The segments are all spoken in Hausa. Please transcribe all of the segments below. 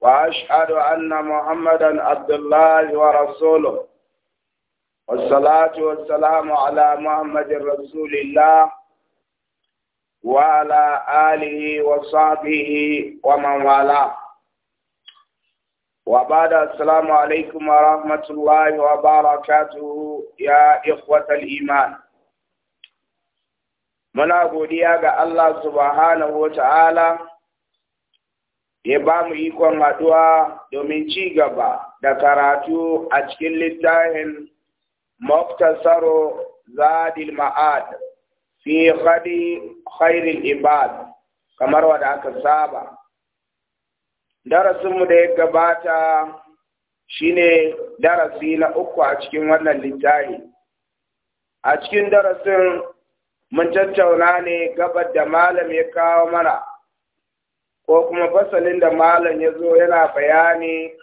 وأشهد أن محمدا عبد الله ورسوله والصلاة والسلام على محمد رسول الله وعلى آله وصحبه ومن والاه وبعد السلام عليكم ورحمة الله وبركاته يا إخوة الإيمان muna godiya ga Allah subhanahu wa ta'ala ya ba mu ikon haɗuwa domin ci gaba da karatu a cikin littafin muktasaro zadil ma'ad fi hadi khairil ibad kamar wadda aka saba darasinmu da ya gabata shine darasi na uku a cikin wannan littafi a cikin darasin mun tattauna ne gabar da malam ya kawo mana ko kuma fasalin da malam ya zo yana bayani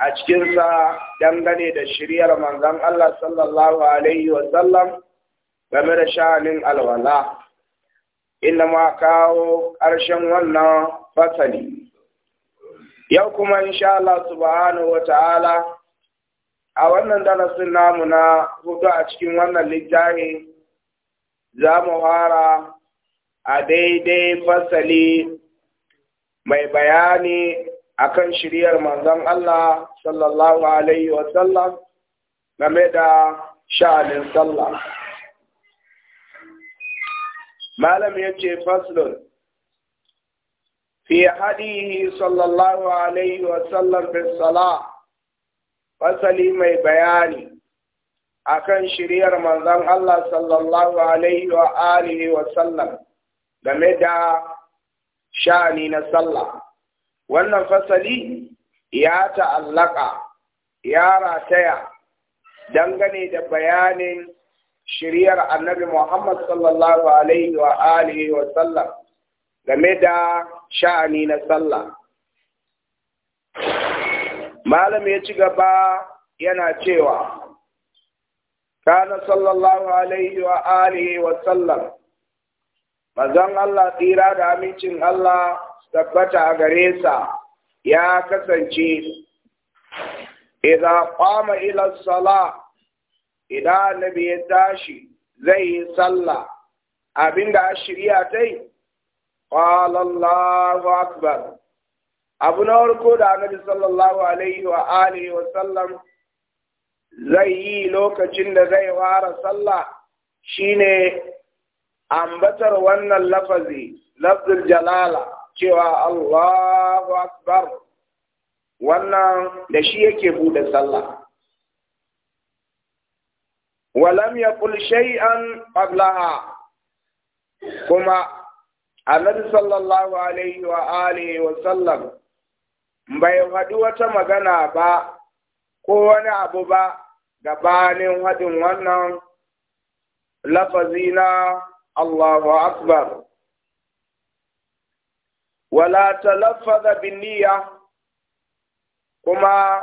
a cikinsa dangane da shiryar manzan Allah sallallahu Alaihi wasallam game da sha'anin alwala, inda ma kawo ƙarshen wannan fasali. Yau kuma insha Allah subhanahu wa ta'ala a wannan darasin namu na hudu a cikin wannan littafi za mu fara a daidai fasali mai bayani akan shiriyar manzon Allah sallallahu alaihi wa sallam game da sha'anin sallah malam ya ce faslun fi hadihi sallallahu alaihi wa sallam fi fasali mai bayani akan shiriyar manzon Allah sallallahu alaihi wa alihi wa sallam game da sha'ani na sallah wannan fasali ya ta'allaka ya rataya dangane da bayanin shiriyar annabi Muhammad sallallahu alaihi wa alihi wa sallam game da sha'ani na sallah malam ya ci gaba yana cewa kana sallallahu alaihi wa alihi wa sallam mazan Allah tsira da amincin Allah tabbata a gare sa ya kasance idan kwama ila sala idan nabi ya tashi zai yi sallah abinda da shirya ta yi Allahu akbar abu na warko da annabi sallallahu alaihi wa alihi wa sallam zai yi lokacin da zai fara sallah shine ambatar wannan lafazi lafzul jalala cewa Allahu akbar wannan da shi yake bude sallah walam yaqul shay'an qablaha kuma annabi sallallahu alaihi wa alihi wa sallam bai haɗu wata magana ba ko wani abu ba gabanin haɗin wannan lafazi na Allahu akbar wala talaffaza bin niyya kuma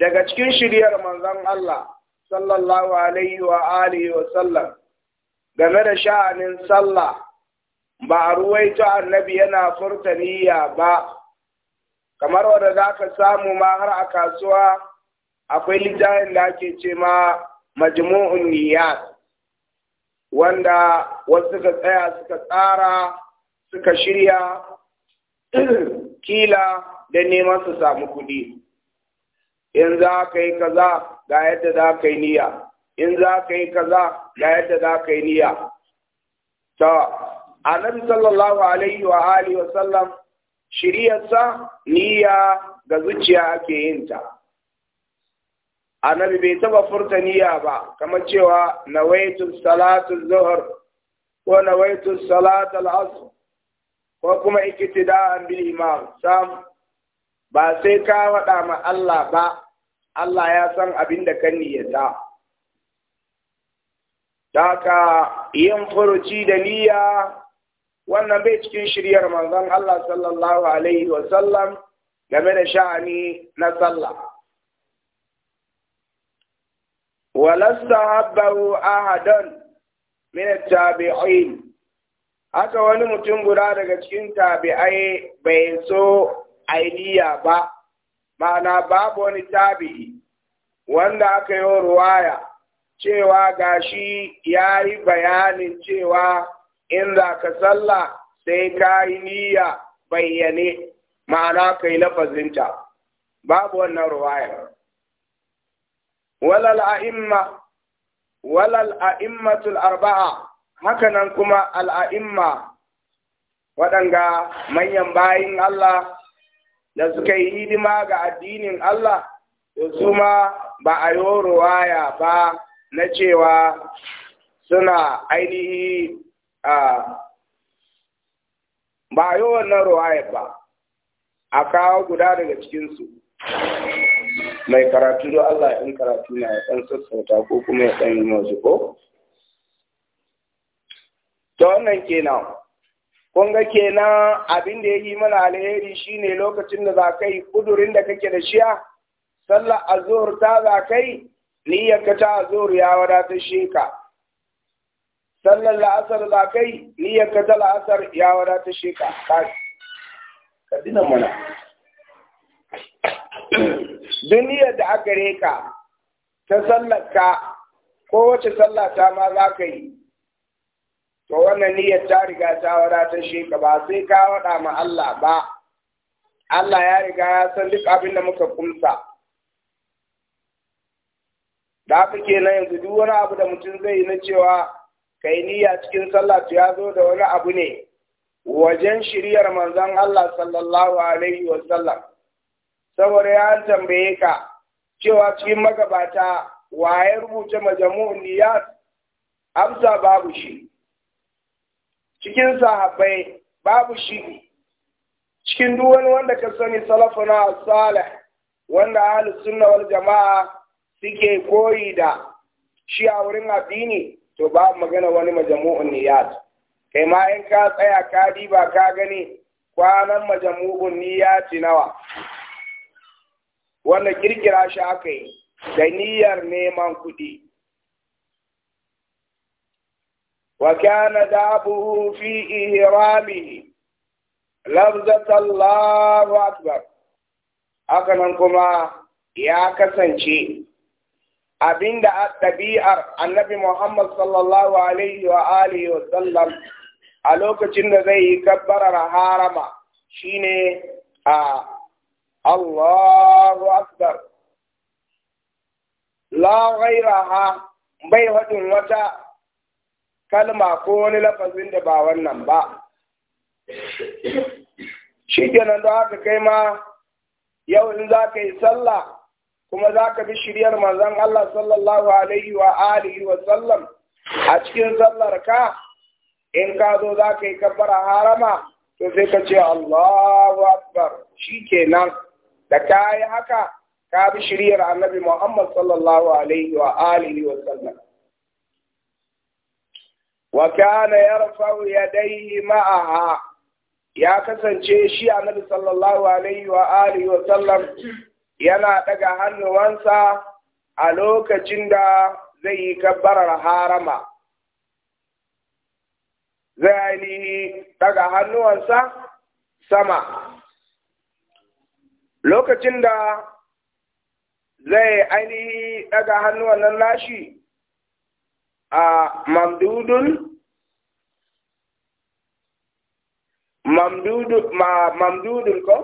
daga cikin shiryar manzon Allah sallallahu alaihi wa alihi wa sallam game da sha'anin sallah ba a ta annabi yana furta niyya ba kamar wanda za ka samu ma har a kasuwa akwai littafin da ake ce ma majmu'un niyyat wanda wasu suka tsaya suka tsara suka shirya kila da neman su samu kuɗi in za ka yi kaza ga yadda za ka yi niyya in za ka yi kaza ga yadda za ka yi niyya ta annabi sallallahu alaihi wa alihi wa sallam shiriyarsa niyya ga zuciya ake yin ta annabi bai taba furta niyya ba kamar cewa nawaitu salatu zuhur ko nawaitu salatu al-asr ko kuma iktida'an bil imam sam ba sai ka wada ma Allah ba Allah ya san abin da kan niyyata Daka yin furuci da niyya wannan bai cikin shiryar manzon Allah sallallahu alaihi wa sallam game da sha'ani na sallah walasta habbahu ahadan min tabi'in haka wani mutum guda daga cikin tabi'ai bai so ainiya ba ma'ana babu wani tabi'i wanda aka yi ruwaya cewa gashi ya yi bayanin cewa in za ka sallah sai ka yi niyya bayyane ma'ana kai lafazinta babu wannan ruwayar walal a'imma walal arba'a hakanan kuma al'a'imma waɗanga manyan bayan Allah da suka yi hidima ga addinin Allah da su ma ba a yi ruwaya ba na cewa suna ainihi a ba yi wannan ruwaya ba a kawo guda daga cikinsu mai karatu da Allah in karatu na ya ɗan sassauta ko kuma ya ɗan yi masu ko? Ta wannan kenan, kun ga kenan abin da ya yi mana alheri shine lokacin da za ka yi kudurin da kake da shiya, sallar azur ta za ka yi, niyyarka ta azur ya wadatar shi ka. Sallar la'asar za ka yi, niyyarka ta la'asar ya wadatar shi ka. Ka dina mana. duniyar da aka reka ta sallaka ko wace sallah ta ma za ka yi to wannan niyyar ta riga ta wadatar ta sheka ba sai ka waɗa ma Allah ba Allah ya riga ya san duk abin da muka kumsa da haka nan yanzu duk wani abu da mutum zai yi na cewa kai niyya cikin sallah to ya zo da wani abu ne wajen shiryar manzon Allah sallallahu alaihi wa saboda ya tambaye ka cewa cikin magabata waye rubuta majamu'un niyat amsa babu shi cikin sahabbai babu shi cikin duk wani wanda ka sani salafuna salih wanda ahlus sunna wal jama'a suke koyi da shi a wurin addini to ba magana wani majamu'un niyat kai ma in ka tsaya ka diba ka gani kwanan majamu'un niyati nawa wanda kirkira shi aka yi da niyyar neman kuɗi. Wa kana dabuhu fi ihramihi lafzat Allahu akbar haka nan kuma ya kasance abinda a ɗabi'ar annabi Muhammad sallallahu alaihi wa alihi wa sallam a lokacin da zai yi gabbarar harama shine a Allahu Akbar. La ghairaha bai wadin wata kalma ko wani lafazin da ba wannan ba. Shi kenan da haka kai ma yau in za ka yi sallah kuma za ka bi shiryar manzon Allah sallallahu alaihi wa alihi wa sallam a cikin sallar ka in ka zo za ka yi kabbara harama to sai ka ce Allahu Akbar shi kenan. da ta yi haka ta bi shiriyar annabi Muhammad sallallahu alaihi wa alihi wa sallam wa kana yarfa'u yadayhi ma'aha ya kasance shi annabi sallallahu alaihi wa alihi wa sallam yana daga hannuwansa a lokacin da zai yi kabbarar harama zai daga hannuwansa sama lokacin da zai ainihi daga hannu wannan lashi a mamdudun mamdudu ma mamdudun ko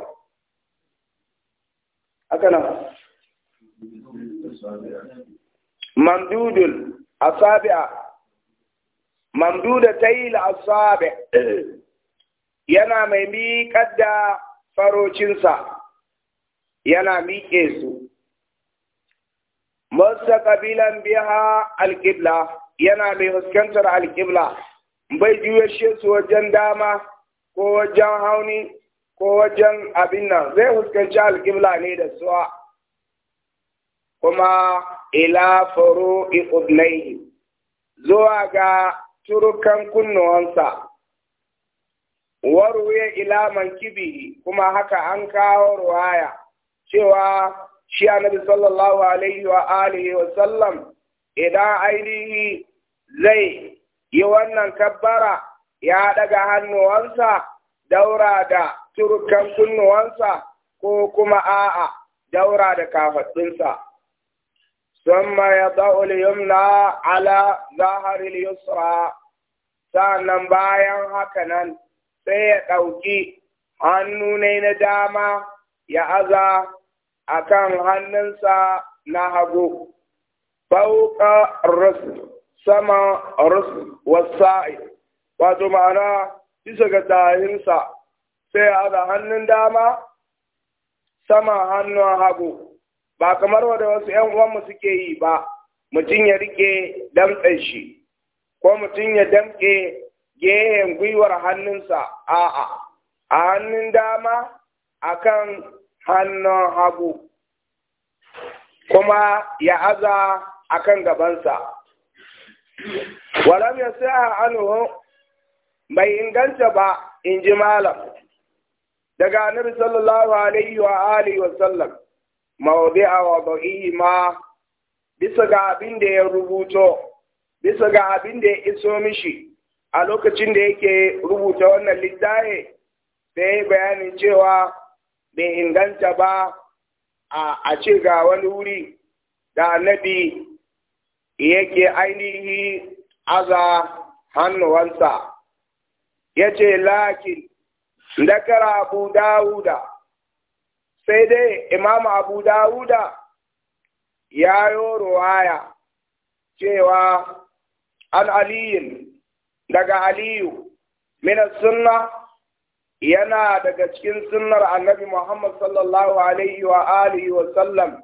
haka nan mamdudun asabi'a mamduda tayil asabi yana mai miƙar da farocinsa yana miƙe su mustaqbilan biha alƙibla yana mai fuskantar alƙibla bai juyashe su wajen dama ko wajen hauni ko wajen abin nan zai fuskanci alƙibla ne da suwa kuma ila faru iƙudnaihi zuwa ga turukan kunnuwansa waruwe ila mankibihi kuma haka an kawo ruwaya cewa shi annabi sallallahu alaihi wa alihi wa sallam idan ainihi zai yi wannan kabbara ya daga hannuwansa daura da turkan kunnuwansa ko kuma a'a daura da kafaɗinsa. ثم يضع اليمنى على ظهر اليسرى sannan bayan nan, sai ya ɗauki hannu ne na dama ya aza akan hannunsa na hagu fauka rus sama rasul wasa'i wato ma'ana bisa ga dahinsa sai a hannun dama sama hannun hagu ba kamar wanda wasu ‘yan uwanmu suke yi ba mutum ya rike damtsen shi ko mutum ya damke gehen gwiwar hannunsa a'a a hannun dama akan hannun hagu kuma ya aza a kan gabansa walam ya sa ano bai inganta ba in ji malam daga annabi sallallahu alaihi wa alihi wa sallam mawdi'a wa ma bisa ga abin da ya rubuto bisa ga abin da ya iso mishi a lokacin da yake rubuta wannan littafi sai bayanin cewa bai inganta ba a ce ga wani wuri da annabi yake ainihi aza hannuwansa ya ce lakin dakara abu dawuda sai dai imam abu dawuda ya yi ruwaya cewa an aliyin daga aliyu mina sunna yana daga cikin sunnar annabi Muhammad sallallahu alaihi wa alihi wa sallam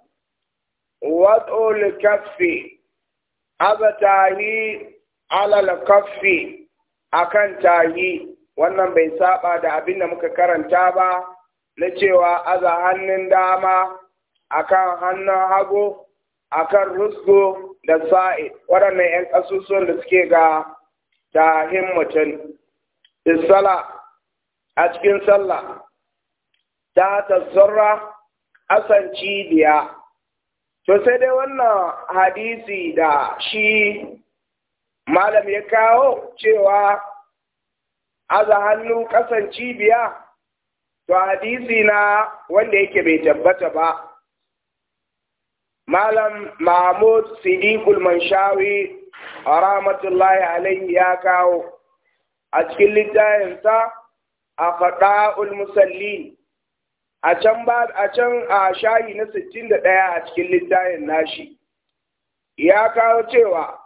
wad'ul kaffi abatahi alal kaffi akan tahi wannan bai saba da abin da muka karanta ba na cewa aza hannun dama akan hannun hagu akan rusgo da sai waɗannan 'yan ƙasusun da suke ga tahin mutum. Isala a cikin sallah ta tasarra asan cibiya to sai dai wannan hadisi da shi malam ya kawo cewa aza hannu kasan cibiya to hadisi na wanda yake bai tabbata ba malam mahmud sidiqul manshawi rahmatullahi alaihi ya kawo a cikin littafinsa A musallin a can ba a can a shayi na sittin da ɗaya a cikin littafin nashi ya kawo cewa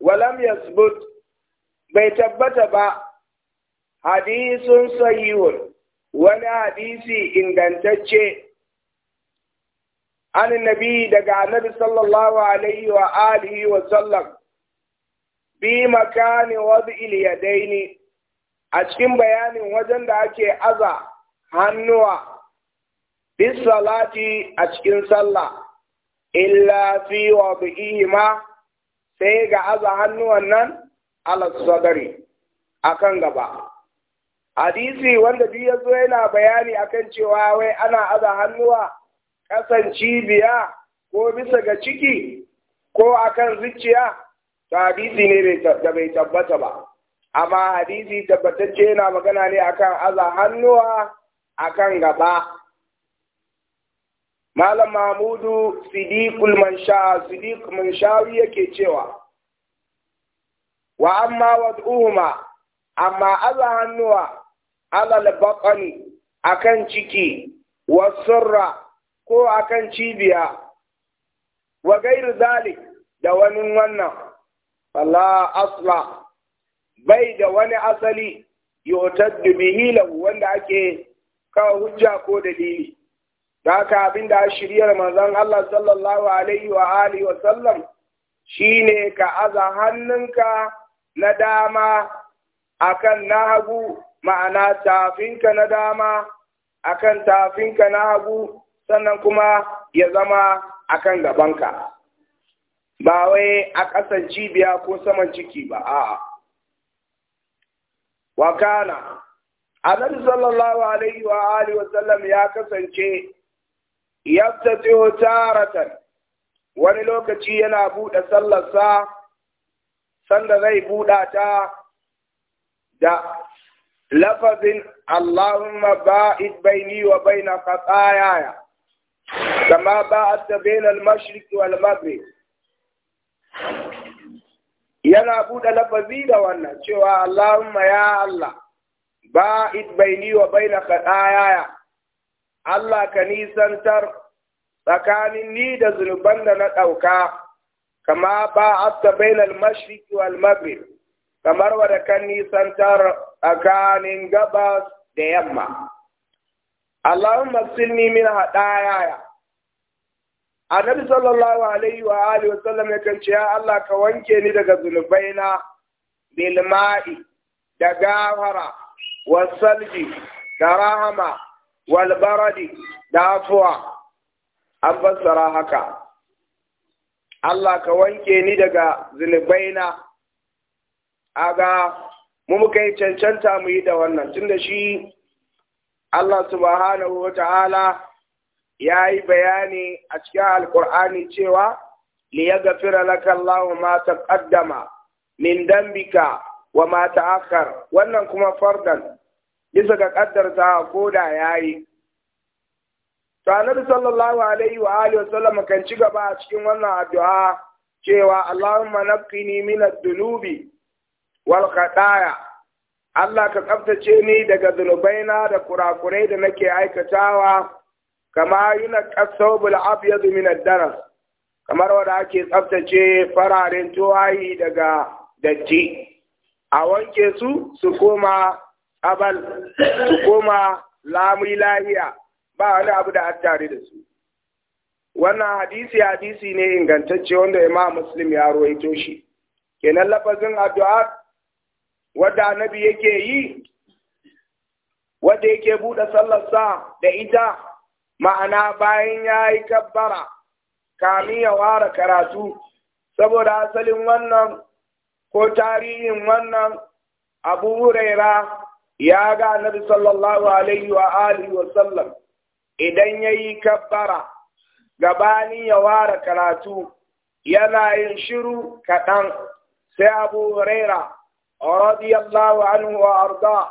walam yasbut bai tabbata ba hadisun sahihun wani hadisi ingantacce an nabi daga annabi sallallahu alaihi wa alihi wa sallam bi makani wadda iliyadaini a cikin bayanin wajen da ake aza hannuwa bis salati a cikin sallah illa fi ma sai ga aza hannuwan nan ala sadari akan gaba hadisi wanda duk yazo yana bayani akan cewa wai ana aza hannuwa kasan cibiya ko bisa ga ciki ko akan zuciya ta hadisi ne da bai tabbata ba amma hadisi tabbatacce yana magana ne akan aza hannuwa akan gaba malam mahmudu sidiqul mansha sidiq manshawi yake cewa wa amma wad'uhuma amma aza hannuwa alal baqani akan ciki wa wasurra ko akan cibiya wa gairu zalik da wani wannan Allah asla bai da wani asali yotaddu bihi lahu wanda ake kawo hujja ko dalili da ka abin a shiryar manzon Allah sallallahu alaihi wa alihi wa sallam shi ne ka aza hannunka na dama akan na hagu ma'ana tafinka na dama a kan tafinka na hagu sannan kuma ya zama a kan gabanka ba wai a ƙasan cibiya ko saman ciki ba a'a wa kana annabi sallallahu alaihi wa alihi wa sallam ya kasance yaftatihu taratan wani lokaci yana buɗe sallarsa sanda zai buɗa ta da lafazin Allahumma ba'id baini wa baina qatayaya kama ba'adta baina al-mashriq wal maghrib yana buɗe lafazi da wannan cewa Allahumma ya Allah bai baini wa baina yaya, Allah ka nisantar tsakanin ni da zunuban da na ɗauka kama ba baina bainal mashriqi wal maghrib kamar wadda kan nisantar tsakanin gabas da yamma Allahumma silni min hadayaya annabi sallallahu alaihi wa alihi sallam ya kance ya Allah ka wanke ni daga zunubaina bil ma'i da gafara wa salji da rahama wal baradi da afwa an fassara haka Allah ka wanke ni daga zunubaina aga mu muka yi cancanta mu yi da wannan tunda shi Allah subhanahu wa ta'ala ya yi bayani a cikin alkur'ani cewa na laka Allahu ma ƙaddama min dambika wa mata akar wannan kuma fardan bisa ga ƙaddarta ko da ya yi. to annabi sallallahu alaihi wa alihi wasallam kan ci gaba a cikin wannan addu'a cewa Allahumma naqqini min ad-dunubi wal khataya Allah ka tsaftace ni daga zunubaina da kurakurai da nake aikatawa kama yuna kasawbul abyad min ad-daras kamar wanda ake tsaftace fararen tuwayi daga datti a wanke su su koma abal su koma lamu lahiya ba wani abu da an tare da su wannan hadisi hadisi ne ingantacce wanda imam muslim ya ruwaito shi kenan lafazin addu'a wadda annabi yake yi wanda yake buɗe sa da ita ma'ana bayan ya yi kabbara kami ya ware karatu saboda asalin wannan ko tarihin wannan abu huraira ya ga annabi sallallahu alaihi wa alihi wa sallam idan ya yi kabbara gabanin ya ware karatu yana yin shiru kaɗan sai abu huraira radiyallahu anhu wa arda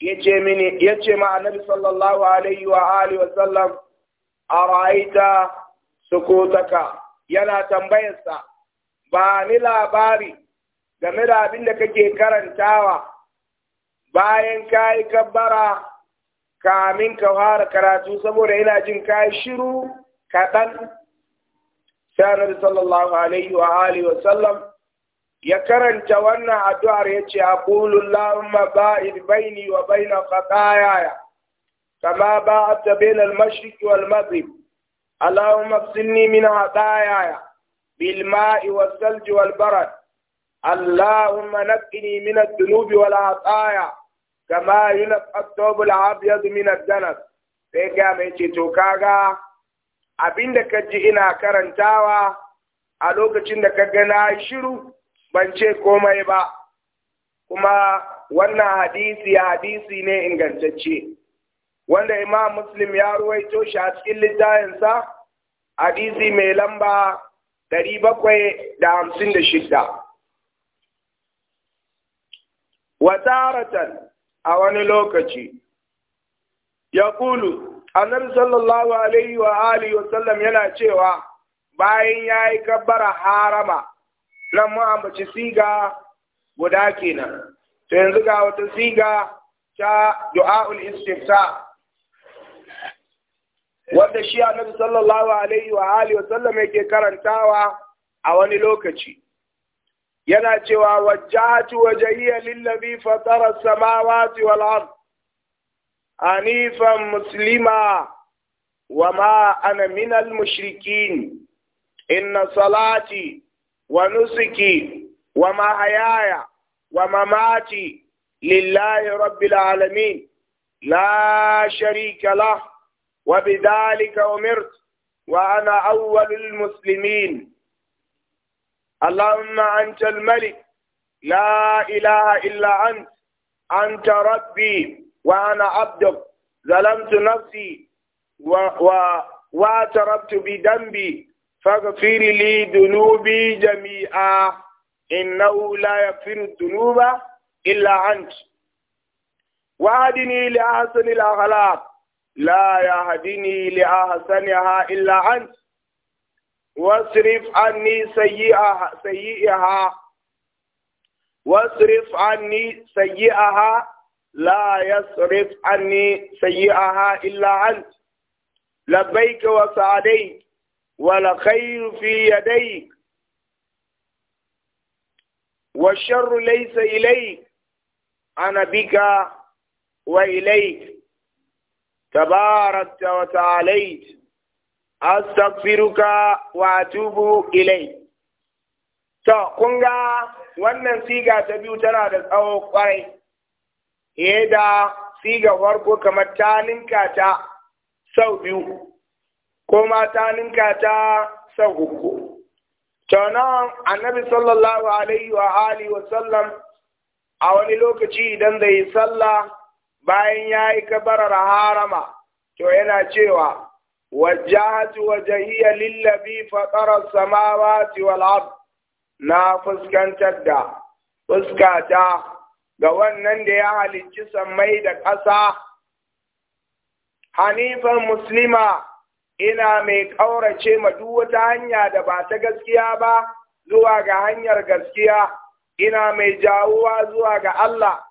ya ce mini ma sallallahu alaihi wa alihi wa araita sukutaka yana tambayarsa ba ni labari game da abin da kake karantawa bayan ka yi kabbara kamin ka fara karatu saboda yana jin ka shiru kaɗan da sallallahu alaihi wa alihi wa sallam ya karanta wannan addu'ar ya ce a kulun la'umma ba'id ni wa baina yaya?' كما باعت بين المشرق والمغرب اللهم اغسلني من خطاياي بالماء والثلج والبرد اللهم نقني من الذنوب والعطايا كما ينقى الثوب الابيض من الدنس sai ga mai ce to kaga abin da ka ji ina karantawa a lokacin da ka ga na shiru ban ce komai ba kuma wannan hadisi hadisi ne ingantacce wanda imam muslim ya ruwaito shi a cikin littayinsa hadisi mai lamba ɗari bakwai da hamsin da shida. Wataratan a wani lokaci, ya kulu, annabi sallallahu alaihi wa alihi wa sallam yana cewa bayan ya yi kabbara harama nan mu siga guda kenan. To yanzu ga wata siga ta du'a'ul istifta wanda shi annabi sallallahu alaihi wa alihi wa sallam yake karantawa a wani lokaci yana cewa wajjahatu wajhiya lillazi fatara samawati wal ard anifan muslima wa ma ana min al mushrikin inna salati wa nusuki wa mahayaya wa mamati lillahi rabbil alamin la sharika lahu وبذلك أمرت وأنا أول المسلمين اللهم أنت الملك لا إله إلا أنت أنت ربي وأنا عبدك ظلمت نفسي و... و... واعترفت بذنبي فاغفر لي ذنوبي جميعا إنه لا يغفر الذنوب إلا أنت وأهدني لأحسن الأخلاق لا يهدني لأحسنها إلا أنت واصرف عني سيئها سيئها واصرف عني سيئها لا يصرف عني سيئها إلا أنت لبيك وسعديك والخير في يديك والشر ليس إليك أنا بك وإليك تباركت وتعاليت أستغفرك وأتوب إليك To, kun ga wannan siga ta biyu tana da tsawo kwarai, fiye da siga farko kamar ta ninka ta sau biyu, ko ma ta ninka ta sau uku. To, nan annabi sallallahu alaihi wa alihi wa sallam a wani lokaci idan zai yi sallah bayan ya yi kabarar harama to yana cewa wajahatu wajahiyya lillabi fatarar samawati wal ard na fuskantar da fuskata ga wannan da ya halicci sammai da ƙasa hanifan muslima ina mai ƙaurace ma duk wata hanya da ba ta gaskiya ba zuwa ga hanyar gaskiya ina mai jawuwa zuwa ga Allah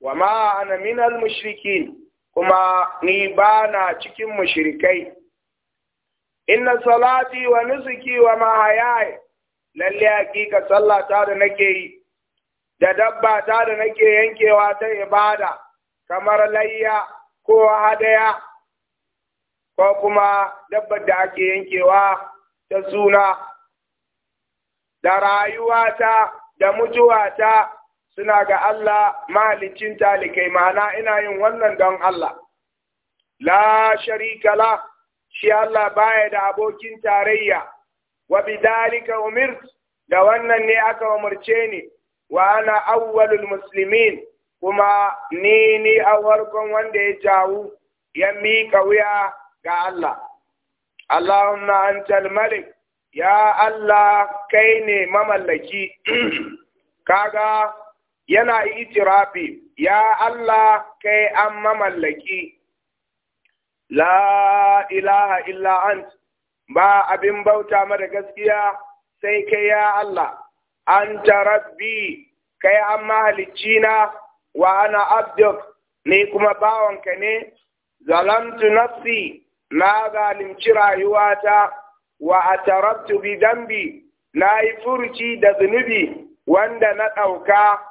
wa ma ana al mushrikin kuma ni ba na cikin mushrikai inna salati wa nusuki wa mahayaya lalle hakika sallah ta da nake yi da dabba ta da nake yankewa ta ibada kamar layya ko hadaya ko kuma dabbar da ake yankewa ta suna da rayuwata da mutuwata suna ga Allah mahalicin talikai ma'ana ina yin wannan don Allah la sharika la shi Allah baya da abokin tarayya wa bidalika umirt da wannan ne aka umarce ni wa ana awwalul muslimin kuma ni ni a wanda ya jawo ya miƙa wuya ga Allah Allahumma antal malik ya Allah kai ne mamallaki kaga yana itirafi ya Allah kai an mamallaki la ilaha illa ant ba abin bauta mara gaskiya sai kai ya Allah an rabbi kai an mahalicci na wa ana abduk ne kuma bawanka ne zalamtu nafsi na zalimci rayuwata wa a tarabtu bi dambi na yi furci da zunubi wanda na ɗauka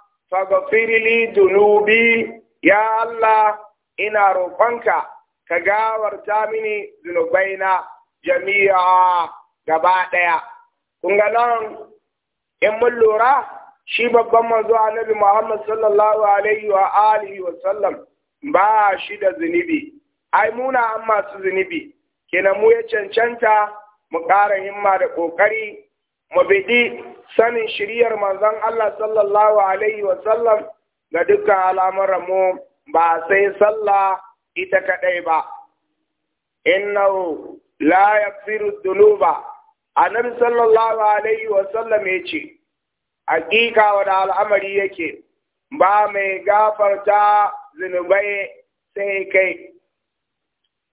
firili dunubi ya Allah ina roƙonka ka gawarta mini zunubaina jami'a gaba ɗaya kun nan in mun lura shi babban manzo annabi Muhammad sallallahu alaihi wa alihi wa sallam ba shi da zunubi ai muna an masu zunubi kenan mu ya cancanta mu ƙara himma da ƙoƙari mabidi sanin shiriyar manzon Allah sallallahu alaihi wa sallam ga duka alamararmu ba sai sallah ita kadai ba innahu la yaghfiru dhunuba annabi sallallahu alaihi wa sallam yace hakika wa al'amari yake ba mai gafarta zunubai sai kai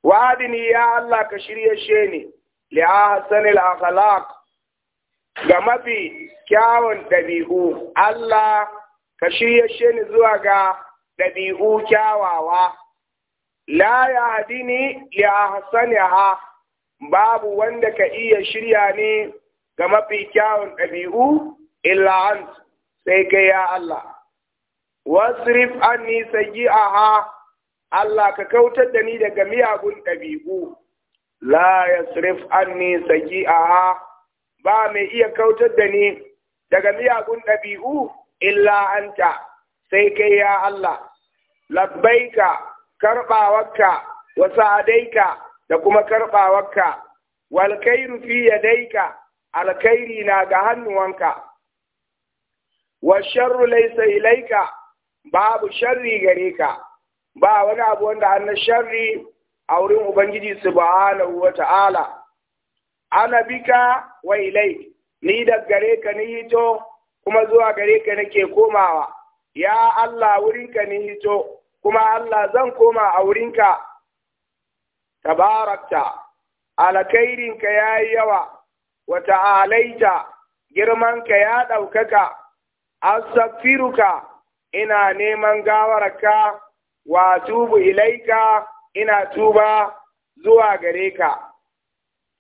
wadini ya Allah ka shirye she ni li ahsanil akhlaq ga mafi kyawun ɗabi'u Allah ka shirya ni zuwa ga ɗabi'u kyawawa la ya hadini li ha? babu wanda ka iya shirya ni ga mafi kyawun ɗabi'u illa sai kai ya Allah wasrif a ha? Allah ka kautar da ni daga miyagun ɗabi'u la ya sirif yasrif a ha? ba mai iya kautar da ni daga miyagun ɗabi'u illa anta sai kai ya Allah labbaika karɓawarka wa sa'adaika da kuma karɓawarka wal khairu fi yadaika alkhairi na ga hannuwanka wa sharru laisa ilaika babu sharri gare ka ba wani abu wanda an sharri a wurin ubangiji subhanahu wa ta'ala ana bika wa ilai ni da gare ka ni hito kuma zuwa gare ka nake komawa ya Allah wurinka ni hito kuma Allah zan koma a wurinka tabarakta alkhairinka ya yi yawa wa ta'alaita ka ya ɗaukaka asafiruka ina neman gawarka wa tubu ilaika ina tuba zuwa gare ka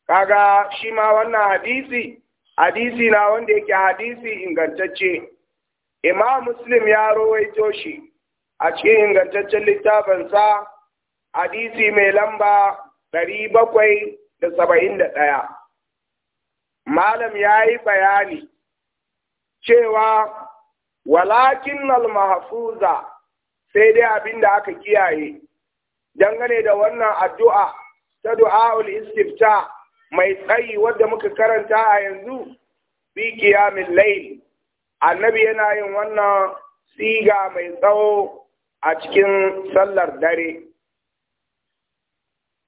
kaga shi ma wannan hadisi hadisi na wanda yake hadisi ingantacce imam muslim ya rawaito shi a cikin ingantaccen littafinsa hadisi mai lamba 771 bakwai da malam ya yi bayani cewa walakin al-mahfuza sai dai abin da aka kiyaye dangane da wannan addu'a ta du'a du'a'ul istifta mai tsayi wadda muka karanta a yanzu fi qiyamil laili annabi yana yin wannan siga mai tsawo a cikin sallar dare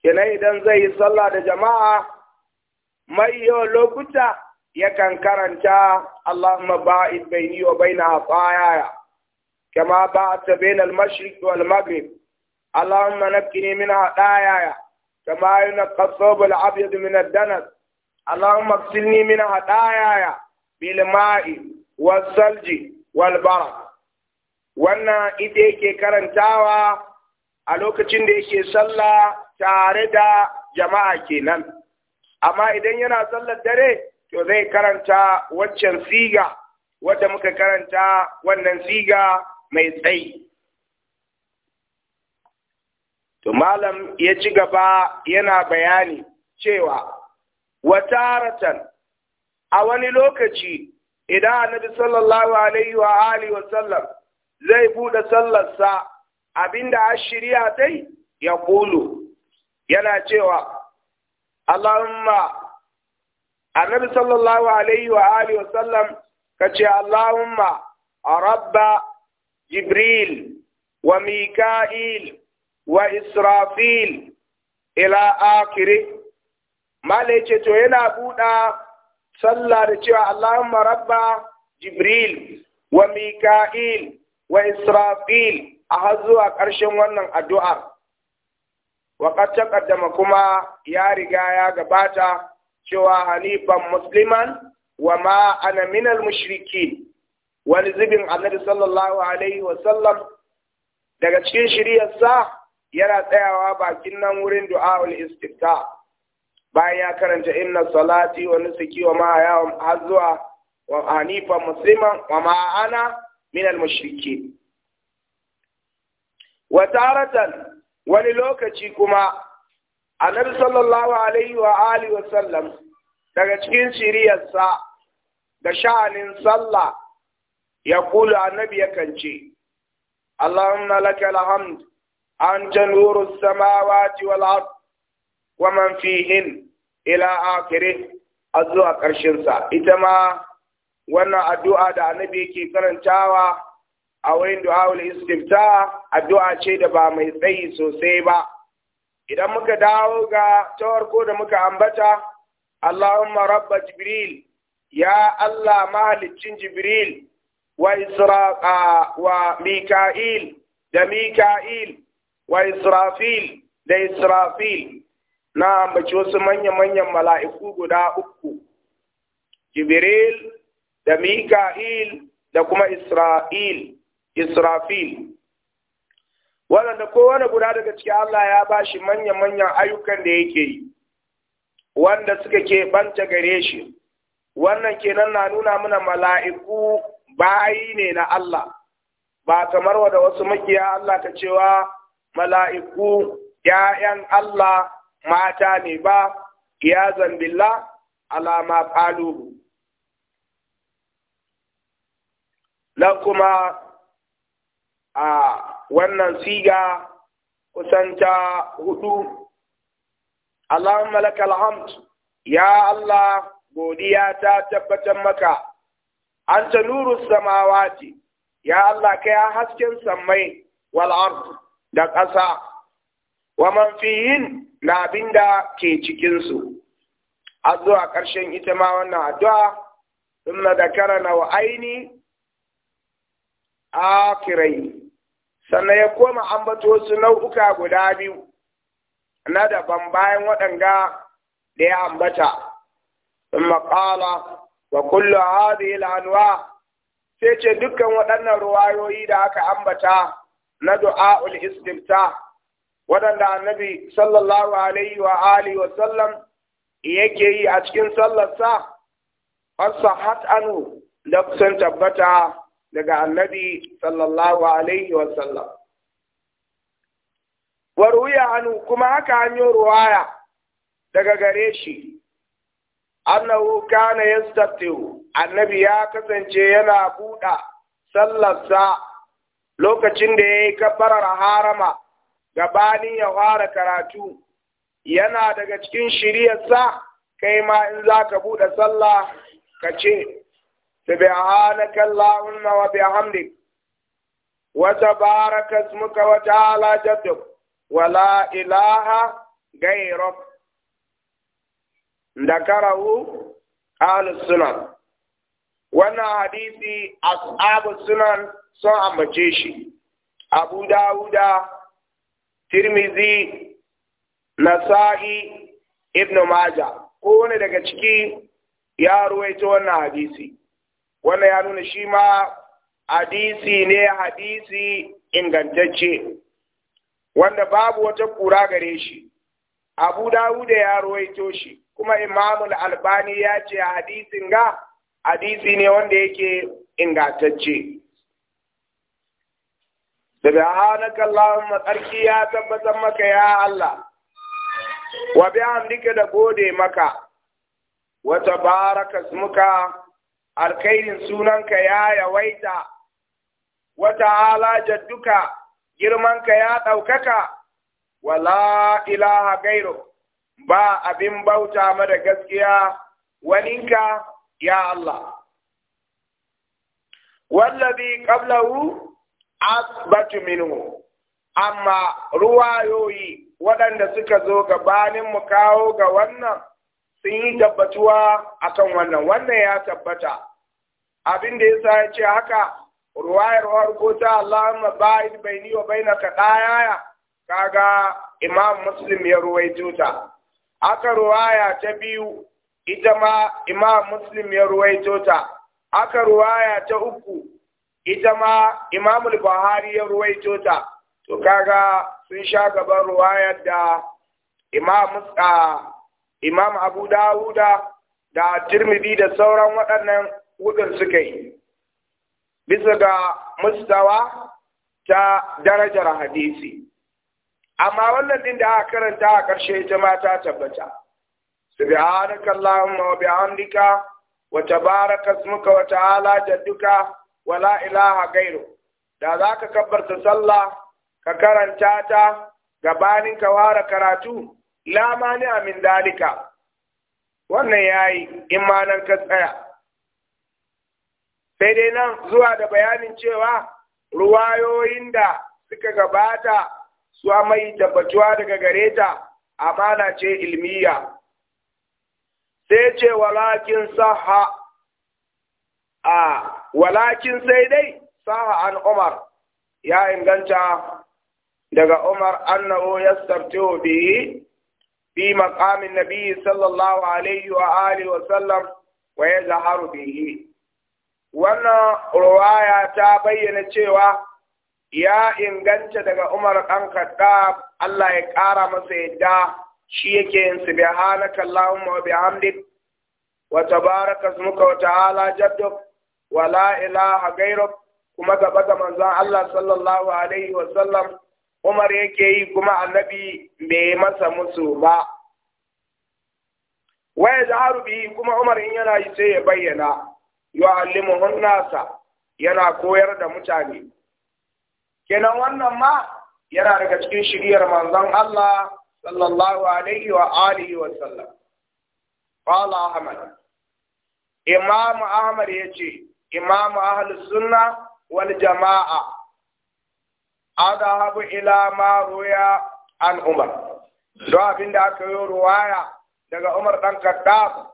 kina idan zai yi sallah da jama'a mai yau lokuta yakan karanta Allahumma ba'id baini wa baina khataaya kama ba'adta baina mashriq wal maghrib Allahumma nakkini min khataaya كما ينقى الثوب الأبيض من الدنس اللهم اغسلني من هداياي بالماء والثلج والبرد wannan ita yake karantawa a lokacin da yake sallah tare da jama'a kenan amma idan yana sallar dare to zai karanta waccan siga wadda muka karanta wannan siga mai tsayi To malam ya ci gaba yana bayani cewa wataratan a wani lokaci idan annabi sallallahu alaihi wa alihi wa sallam zai bude sallarsa abinda a shirya dai ya kulu yana cewa Allahumma annabi sallallahu alaihi wa alihi wa sallam kace Allahumma rabba Jibril wa Mika'il wa israfil ila akiri male ce to yana buɗa sallah da cewa allahumma rabba jibril wa mika'il wa israfil a har zuwa ƙarshen wannan addu'ar waƙar ma kuma ya riga ya gabata cewa hanifan musliman wa ma ana mushriki wani zibin annabi sallallahu alaihi sallam daga cikin shiryarsa yana tsayawa bakin nan wurin du'a'ul istifta bayan ya karanta inna salati wa nusuki wa ma ya azwa wa anifa musliman wa ma'ana min al-mushriki wa taratan wani lokaci kuma annabi sallallahu alaihi wa alihi wa sallam daga cikin siriyarsa da sha'anin sallah ya kula annabi yakan ce Allahumma lakal hamd anja nuru samawa ti wala wa man fi hin ila akhiri azu a karshen sa ita ma wannan addu'a da annabi yake karantawa a wayin du'a ul istifta addu'a ce da ba mai tsayi sosai ba idan muka dawo ga ta ko da muka ambata Allahumma rabb jibril ya Allah malikin jibril wa israqa wa mikail da mikail wa Israfil da Israfil na ambaci wasu manyan manyan mala'iku guda uku, Jibril da Mika'il da kuma Isra'il, Israfil. Waɗanda kowane guda daga ciki Allah ya ba shi manya-manyan ayyukan da yake yi, wanda suka ke banta gare shi, wannan kenan na nuna mana mala'iku bayi ne na Allah, ba kamar da wasu makiya Allah ta cewa mala'iku ‘ya'yan Allah mata ne ba, ya zambilla alama ƙalubu. na kuma a wannan siga kusanta hudu, Allahumma lakal hamd ya Allah godiya ta tabbatar maka, an ta nuru samawa ya Allah ka ya hasken sammai wal'ardu. da ƙasa wa man na abin da ke cikinsu Azuwa ƙarshen ita ma wannan addu'a sun na dakara na wa'aini a kirai sannan ya koma ambato su nau'uka guda biyu na daban bayan waɗanga da ya ambata ثم قال وكل هذه الأنواع sai ce dukkan waɗannan ruwayoyi da aka ambata na du'a'ul istimta waɗanda annabi sallallahu alaihi wa alihi wa sallam yake yi a cikin sallarsa as-sahat anu da kusan tabbata daga annabi sallallahu alaihi wa sallam wa ruya anu kuma haka an yi ruwaya daga gare shi annahu kana yastaftihu annabi ya kasance yana buɗa sallarsa lokacin da ya yi kabbarar harama gabanin ya fara karatu yana daga cikin sa kai ma in za ka buɗe sallah ka ce سبحانك اللهم وبحمدك وتبارك اسمك وتعالى جدك ولا إله غيرك ذكره أهل السنة wannan hadisi ashabu sunan sun ambace shi abu dawuda tirmizi nasa'i ibn maja kowane daga ciki ya ruwaito wannan hadisi wannan ya nuna shi ma hadisi ne hadisi ingantacce wanda babu wata kura gare shi abu dawuda ya ruwaito shi kuma imamul albani ya ce hadisin ga hadisi ne wanda yake ingantacce subhanaka kallon tsarki ya tabbatar maka ya Allah wa bihamdika da gode maka wa tabaraka ismuka alkhairin sunanka ya yawaita wa ta'ala jadduka girmanka ya ɗaukaka wala ilaha gairu ba abin bauta mada gaskiya waninka ya Allah wallazi qablahu asbatu minhu amma ruwayoyi waɗanda suka zo gabanin mu kawo ga wannan sun yi tabbatuwa akan wannan wannan ya tabbata abin da yasa ya ce haka ruwayar farko ta Allahumma bai baini wa bainaka dayaya kaga Imam Muslim ya ruwaito ta aka ruwaya ta biyu ita ma imam muslim ya ruwaito ta aka ruwaya ta uku ita ma imam al-bahari ya ruwaito ta to kaga sun sha gaban ruwayar da imam imam abu dawuda da tirmidhi da sauran waɗannan hudun suka yi bisa ga mustawa ta darajar hadisi amma wannan din da aka karanta a ƙarshe ita ma ta tabbata سبحانك اللهم وبحمدك وتبارك اسمك وتعالى جدك ولا إله غيره da za ka kabbarta sallah ka karanta ta gabanin ka ware karatu lamani amin dalika wannan yayi imanan ka tsaya sai dai nan zuwa da bayanin cewa ruwayoyin da suka gabata su mai tabbatuwa daga gare ta amana ce ilmiya sai ce walakin saha a walakin sai dai saha an umar ya inganta daga umar annahu yastabtihu bihi fi maqamin nabi sallallahu alaihi wa alihi wa sallam wa yazharu bihi wannan ruwaya ta bayyana cewa ya inganta daga umar ɗan kaddab Allah ya ƙara masa yadda shi yake yin subhanaka allahumma wa bihamdik wa tabaraka ismuka wa ta'ala jaddu wa la ilaha kuma gaba ga manzon Allah sallallahu alaihi wa Umar yake yi kuma annabi bai masa musu ba wa yazharu bihi kuma Umar in yana yi sai ya bayyana yu'allimuhun nasa yana koyar da mutane kenan wannan ma yana daga cikin shiriyar manzon Allah Sallallahu alaihi wa'ali, iwo Sallah. Bala Ahmad, Imam Ahmad ya ce, Imam Ahmad sunna wal jama'a. A da haɓacin ilama wuya an Umar, don abin da aka yi ruwaya daga Umar ɗan ƙadda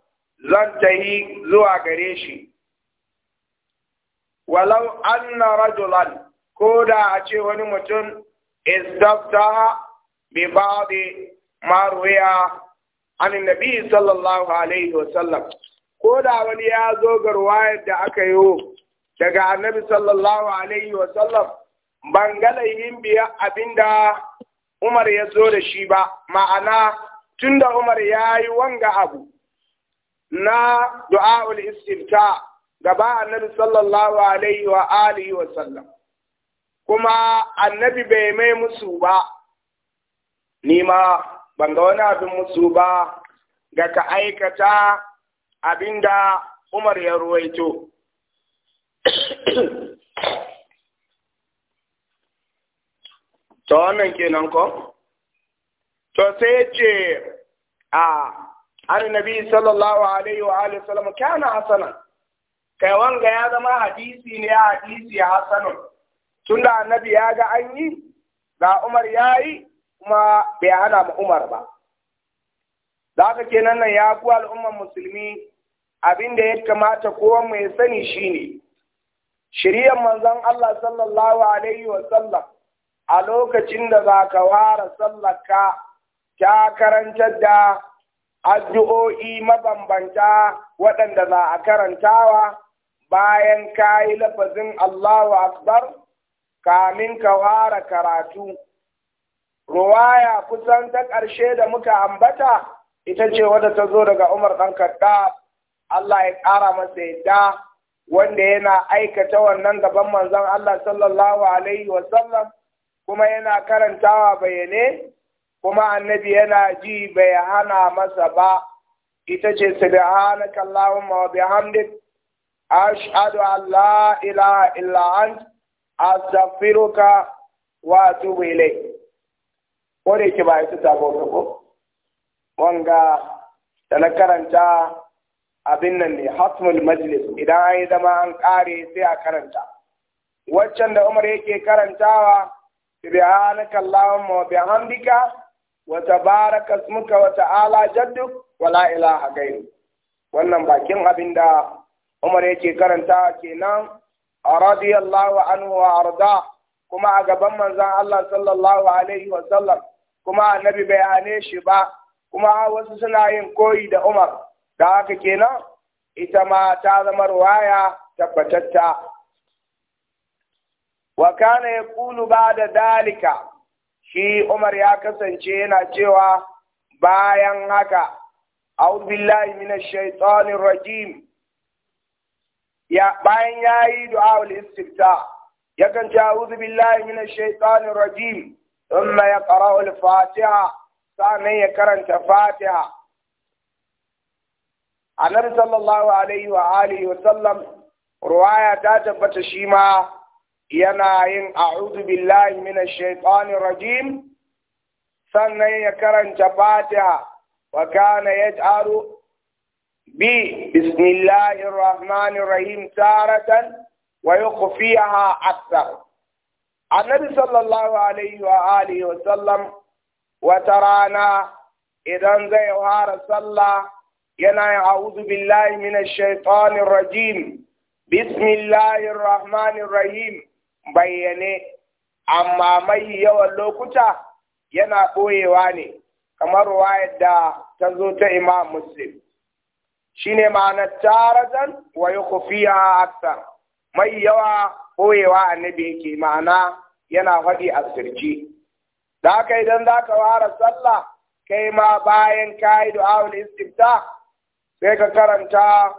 zan tafi zuwa gare shi. walau ana raɗulan ko da a ce wani mutum is dabbawa? ببعض ما روي عن sallallahu alaihi wa sallam, ko da wani ya zo garwa yadda aka yi daga annabi sallallahu alaihi wa sallam ban yin laihin biya abinda Umar ya zo da shi ba ma'ana tunda Umar ya yi wanga abu na du'a'ul istifta gaba annabi sallallahu alaihi wa alihi wa sallam kuma annabi bai mai musu ba ni ma ban ga wani abin musu ba ga ka aikata abin da Umar ya ruwaito. Ta wannan kenan ko? To sai ce a nabi sallallahu alaihi wa alihi wasallam kana hasanan kai wanga ya zama hadisi ne ya hadisi hasanun tunda annabi ya ga an yi da Umar ya yi kuma bai hana ma Umar ba da haka kenan nan ya ku al'ummar musulmi abin da ya kamata kowa mai ya sani shine Shirya manzon Allah sallallahu alaihi wa sallam a lokacin da za ka ware sallaka ta karantar da addu'o'i mabambanta waɗanda za a karantawa bayan ka yi lafazin Allahu Akbar kamin ka ware karatu ruwaya kusan ta ƙarshe da muka ambata ita ce wadda ta zo daga Umar ɗan Khattab Allah ya ƙara masa yadda wanda yana aikata wannan gaban manzon Allah sallallahu alaihi wa sallam kuma yana karantawa bayane kuma annabi yana ji bai hana masa ba ita ce subhanaka allahumma wa bihamdik ashhadu an la ilaha illa ant astaghfiruka wa atubu ilayk ko da yake ba ya tuta ba wata ko wanga da na karanta abin nan ne hatmul majlis idan an yi zama an kare sai a karanta waccan da umar yake karantawa subhanaka allahumma wa bihamdika wa tabaraka ismuka wa ta'ala jadduk wa la ilaha ghairu wannan bakin abin da umar yake karantawa kenan radiyallahu anhu wa arda kuma a gaban manzon Allah sallallahu alaihi wa sallam kuma annabi bai ane shi ba kuma wasu suna yin koyi da Umar da haka kenan ita ma ta zama ruwaya tabbatatta wa kana yaqulu ba'da dalika shi Umar ya kasance yana cewa bayan haka a'udhu billahi minash shaitanir rajim ya bayan yayi du'a ul istifta yakan ce a'udhu billahi minash rajim ثم يقرأ الفاتحة ثاني يقرأ الفاتحة عن صلى الله عليه وآله وسلم رواية ذات فتشيما ينا إن أعوذ بالله من الشيطان الرجيم ثاني يقرأ الفاتحة وكان يجعل بسم الله الرحمن الرحيم تارة ويخفيها أكثر annabi sallallahu alaihi wa wa sallam wata rana idan zai fara sallah yana yin a'udhu billahi minash shaitanir rajim bismillahir rahmanir rahim bayyane amma mai yawan lokuta yana ɓoyewa ne kamar wayar da ta zo ta imam muslim shine ma'anar tarazan wa a akthar mai yawa koyewa annabi yake ma'ana yana faɗi a sirce. Da haka idan za ka ware sallah kai ma bayan ka yi du'a'ul istifta sai ka karanta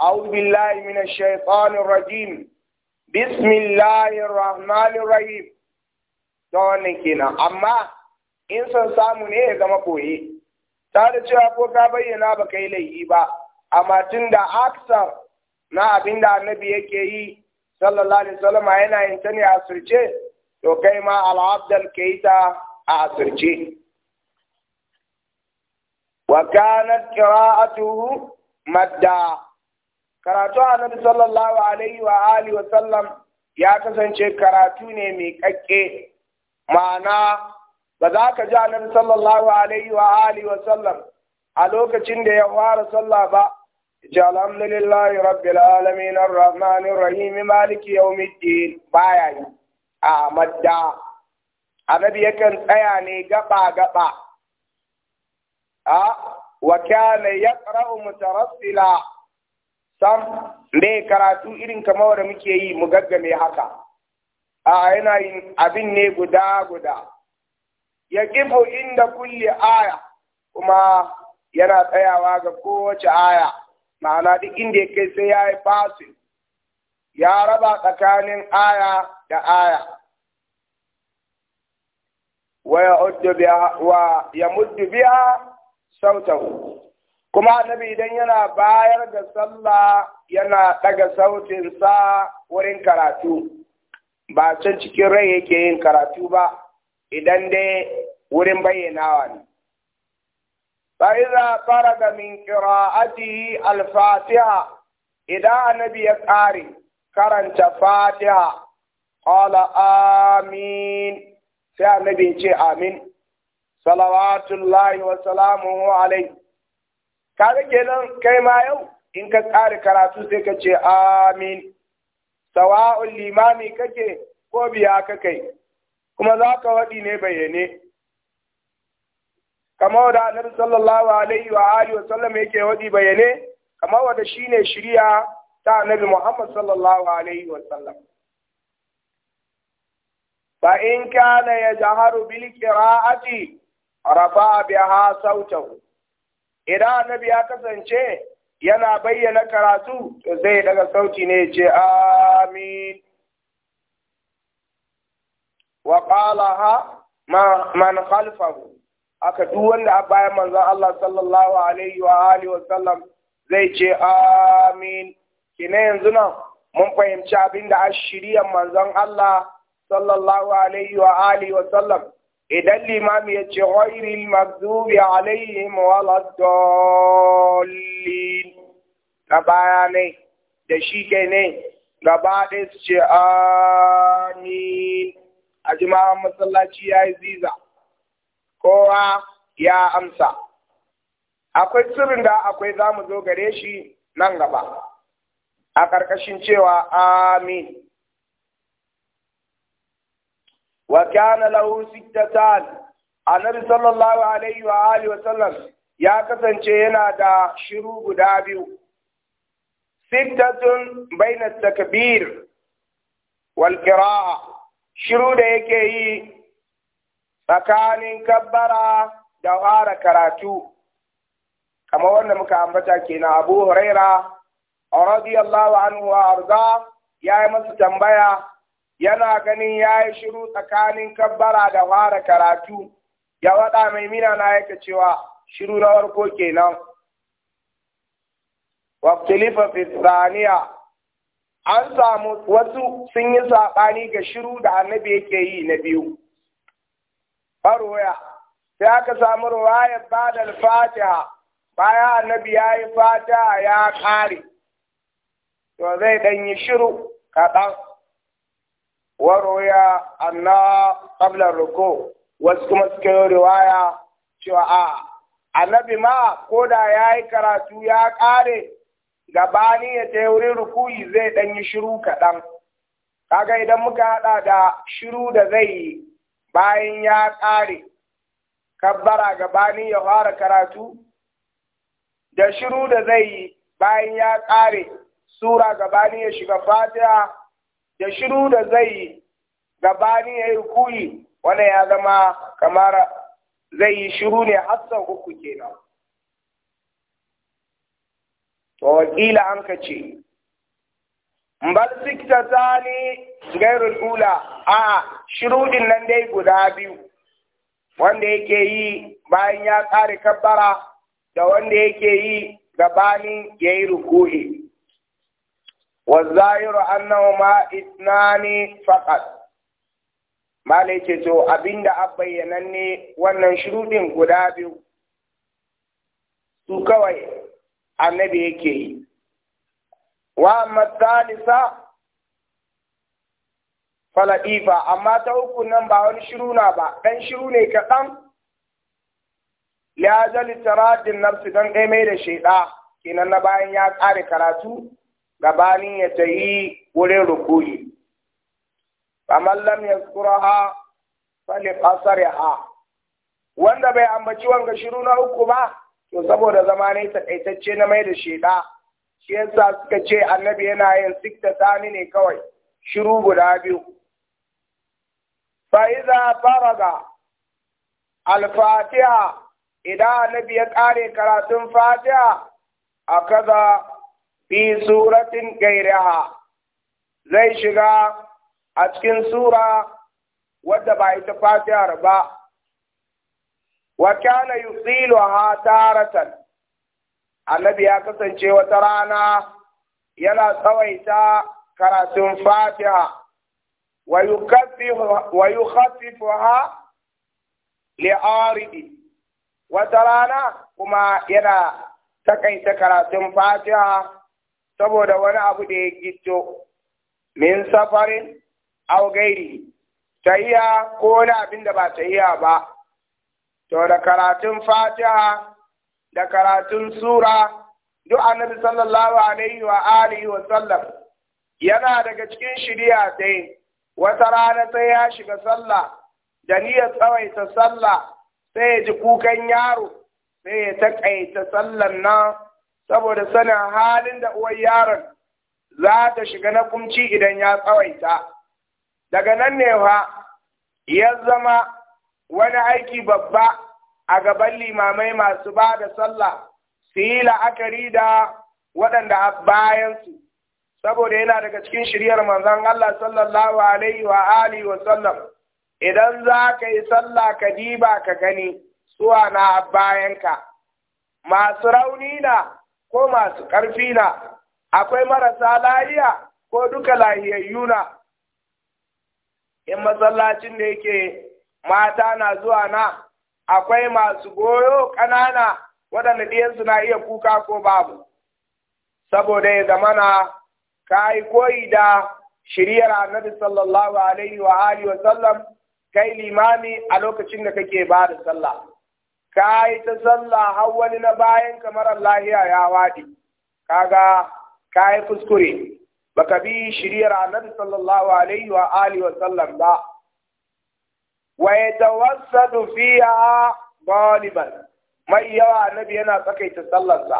a'udhu billahi minash الشيطان الرجيم bismillahir rahmanir rahim to wannan kenan amma in san samu ne ya zama koyi ta da cewa ko ka bayyana ba kai laifi ba amma tun da aksar na abin da annabi yake yi sallallahu alaihi wasallam yana yin ta asirce to kai ma al'abdal ka yi ta a asirce wa kanat qira'atuhu madda karatu annabi sallallahu alaihi wa alihi wa sallam ya kasance karatu ne mai kakke ma'ana ba za ka ji annabi sallallahu alaihi wa wa sallam a lokacin da ya fara sallah ba الحمد لله رب العالمين الرحمن الرحيم مالك يوم الدين بايا أحمد دا annabi yakan tsaya ne gaba-gaba a wa kyana ya ƙara'u mutarassila sam ne karatu irin kamar da muke yi mu gaggame haka A'a yana yin abin ne guda-guda ya kifo inda kulle aya kuma yana tsayawa ga kowace aya ma'ana duk inda ya sai ya yi fasin ya raba tsakanin aya da aya wa ya muddu biya sautahu kuma annabi idan yana bayar da sallah yana daga sautinsa wurin karatu ba can cikin rai yake yin karatu ba idan dai wurin bayyanawa ne فإذا فرغ من قراءته الفاتحة إذا نبي قاري كرنت فاتحة قال آمين سيا النبي آمين صلوات الله وسلامه عليه kaga kenan kai ma yau in ka tsari karatu sai ka ce amin sawa'un limami kake ko biya ka kuma za ka waɗi ne bayyane kamar wadda annabi sallallahu alaihi wa alihi wa sallam yake wadi bayane kamar wadda shine shiriya ta annabi Muhammad sallallahu alaihi wa sallam fa in kana yajharu bil qira'ati rafa biha sautahu idan annabi ya kasance yana bayyana karatu to zai daga sauti ne ya ce amin wa qalaha man khalfahu aka duk wanda a bayan manzon Allah sallallahu alaihi wa alihi wa sallam zai ce amin kina yanzu nan mun fahimci abin da ashiriyar manzon Allah sallallahu alaihi wa alihi wa sallam idan limami ya ce ghairil maghdubi alaihim waladdallin ta baya ne da shi ke ne gaba ɗaya su ce amin a jima'an masallaci ya yi ziza kowa ya amsa akwai sirrin da akwai za mu zo gare shi nan gaba a ƙarƙashin cewa amin wa kana lahu sittatan annabi sallallahu alaihi wa alihi wa sallam ya kasance yana da shiru guda biyu sittatun baina takbir wal qira'a shiru da yake yi tsakanin kabbara da fara karatu kamar wanda muka ambata kenan abu huraira radiyallahu anhu wa arza ya yi masa tambaya yana ganin ya yi shiru tsakanin kabbara da fara karatu ya waɗa mai mina na yaka cewa shiru na farko kenan waktilifa fi an samu wasu sun yi saɓani ga shiru da annabi yake yi na biyu Baroya, sai aka samu ruwayar badal fatiha bayan annabi ya yi fata ya ƙare to zai ɗan yi shiru kaɗan waruwa anna ƙablar ruko wasu kuma suke yi riwaya cewa a annabi ma ko da ya yi karatu ya ƙare gabani ya ta wurin rukuyi zai ɗan yi shiru kaɗan kaga idan muka haɗa da shiru da zai yi bayan ya ƙare kabbara gabanin ya fara karatu da shiru da zai yi bayan ya ƙare sura gabanin ya shiga fatiha da shiru da zai yi gabanin ya yi kuyi Wani ya zama kamar zai yi shiru ne hassan uku kenan to wakila an ka ce bal sikta tani gairul ula a shirudin nan dai guda biyu wanda yake yi bayan ya kare kabbara da wanda yake yi gabanin ya yi Wa والظاهر أنهما ma فقط malai ce to abinda a ne wannan shirudin guda biyu su kawai annabi yake yi Wa amma za a amma ta uku nan ba wani shiru na ba. Dan shiru ne kaɗan. Ya zali ta ba din na fita don kai mai da shaida. Ina na bayan ya kare karatu. Rabannin ya taɓa yi wurin roƙoƙi. A Mallam ya kura Wanda bai ambaci wanga shiru na uku ba, to saboda zamanin taɓa ita na mai da shaida. shi yasa suka ce annabi yana yin sikta tsani ne kawai shiru guda biyu fa'iza ga alfatiha idan annabi ya kare karatun fatiha a kaza fi suratin gairaha zai shiga a cikin sura wadda ba ita fatihar ba wa kana yusilu ha taratan annabi ya kasance wata rana yana tsawaita karatun fatiha wa ha li'aridi wata rana kuma yana takaita karatun fatiha saboda wani abu da ya gito min safarin aw gairi tahiya ko wani abin da ba tahiya ba to da karatun fatiha da karatun sura duk annabi sallallahu alaihi wa alihi wa sallam yana daga cikin shiriya sai wata rana sai ya shiga sallah da niyyar tsawaita sallah sai ya ji kukan yaro sai ya taƙaita sallan nan saboda sanin halin da uwar yaron za ta shiga na kumci idan ya tsawaita daga nan ne fa ya zama wani aiki babba a gaban limamai masu ba da sallah su yi la'akari da waɗanda a bayansu saboda yana daga cikin shiryar manzan Allah sallallahu alaihi wa alihi wa sallam idan za ka yi sallah ka diba ka gani suwa na bayanka masu rauni na ko masu ƙarfi na akwai marasa lahiya ko duka lahiyayyu na in masallacin da yake mata na zuwa na akwai masu goyo ƙanana waɗanda ɗiyansu na iya kuka ko babu, saboda ya zamana ka yi koyi da shiriyar annabi sallallahu alaihi wa alihi wa sallam kai limami a lokacin da kake ba da sallah. Ka yi ta sallah har wani na bayan kamar lahiya ya waɗi, kaga ka yi kuskure, baka bi shiriyar annabi sallallahu alaihi wa alihi wa sallam ba. wa yatawassadu fiha galiban mai yawa annabi yana tsakaita sallarsa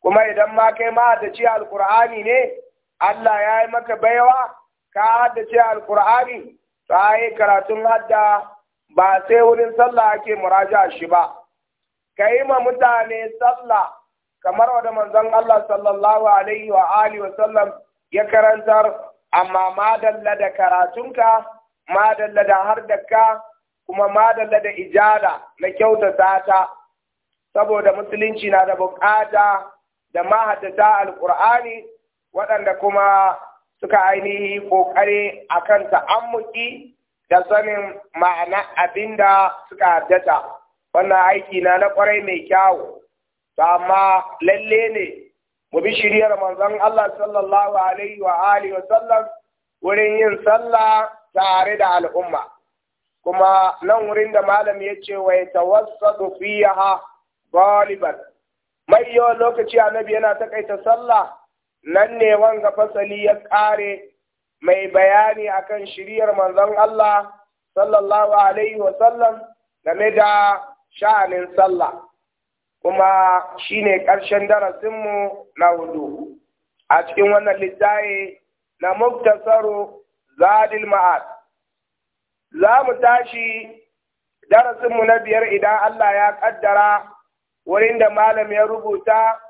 kuma idan ma kai ma da ce alkur'ani ne Allah ya yi maka baiwa ka da ce alkur'ani ta yi karatun hadda ba sai wurin sallah ake muraja shi ba ka yi ma mutane sallah kamar wanda manzon Allah sallallahu alaihi wa wa sallam ya karantar amma madalla da karatunka madalla da har da ka kuma madalla da ijala na kyautata ta saboda musulunci na da bukata da mahaddata alkur'ani waɗanda kuma suka ainihi ƙoƙari a kan ta'ammuki da sanin ma'ana abin da suka haddata wannan aiki na na ƙwarai mai kyawu to amma lalle ne mu bi shiryar manzon Allah sallallahu alaihi wa alihi wa sallam wurin yin sallah tare da al'umma kuma nan wurin da malam ya ce wa tawassadu ha galiban mai yawan lokaci annabi yana takaita sallah nan ne wanga fasali ya ƙare mai bayani akan shiriyar manzon Allah sallallahu alaihi Wasallam, game da sha'anin sallah kuma shine ƙarshen darasinmu na hudu a cikin wannan littaye na muktasaru zadil ma'ad za mu tashi darasinmu na biyar idan Allah ya ƙaddara wurin da malam ya rubuta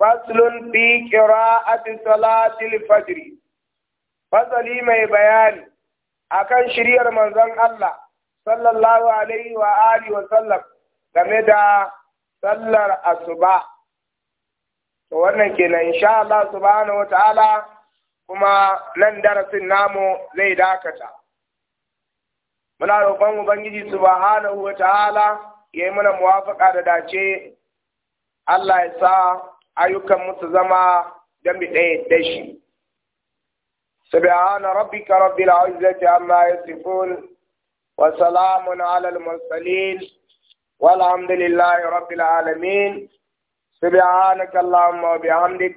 faslun fi qira'ati salatil fajr fasali mai bayani A kan shiriyar manzon Allah sallallahu alaihi wa alihi wa sallam game da sallar asuba to wannan kenan insha Allah subhanahu wa ta'ala kuma nan darasin namu zai dakata. Muna roƙon Ubangiji subhanahu wa ta'ala ya yi mana muwafaƙa da dace, Allah ya sa ayyukan musu zama don ɗaya da shi. سبحان ربك رب العزة عما يصفون وسلام على المرسلين والحمد لله رب العالمين سبحانك اللهم وبحمدك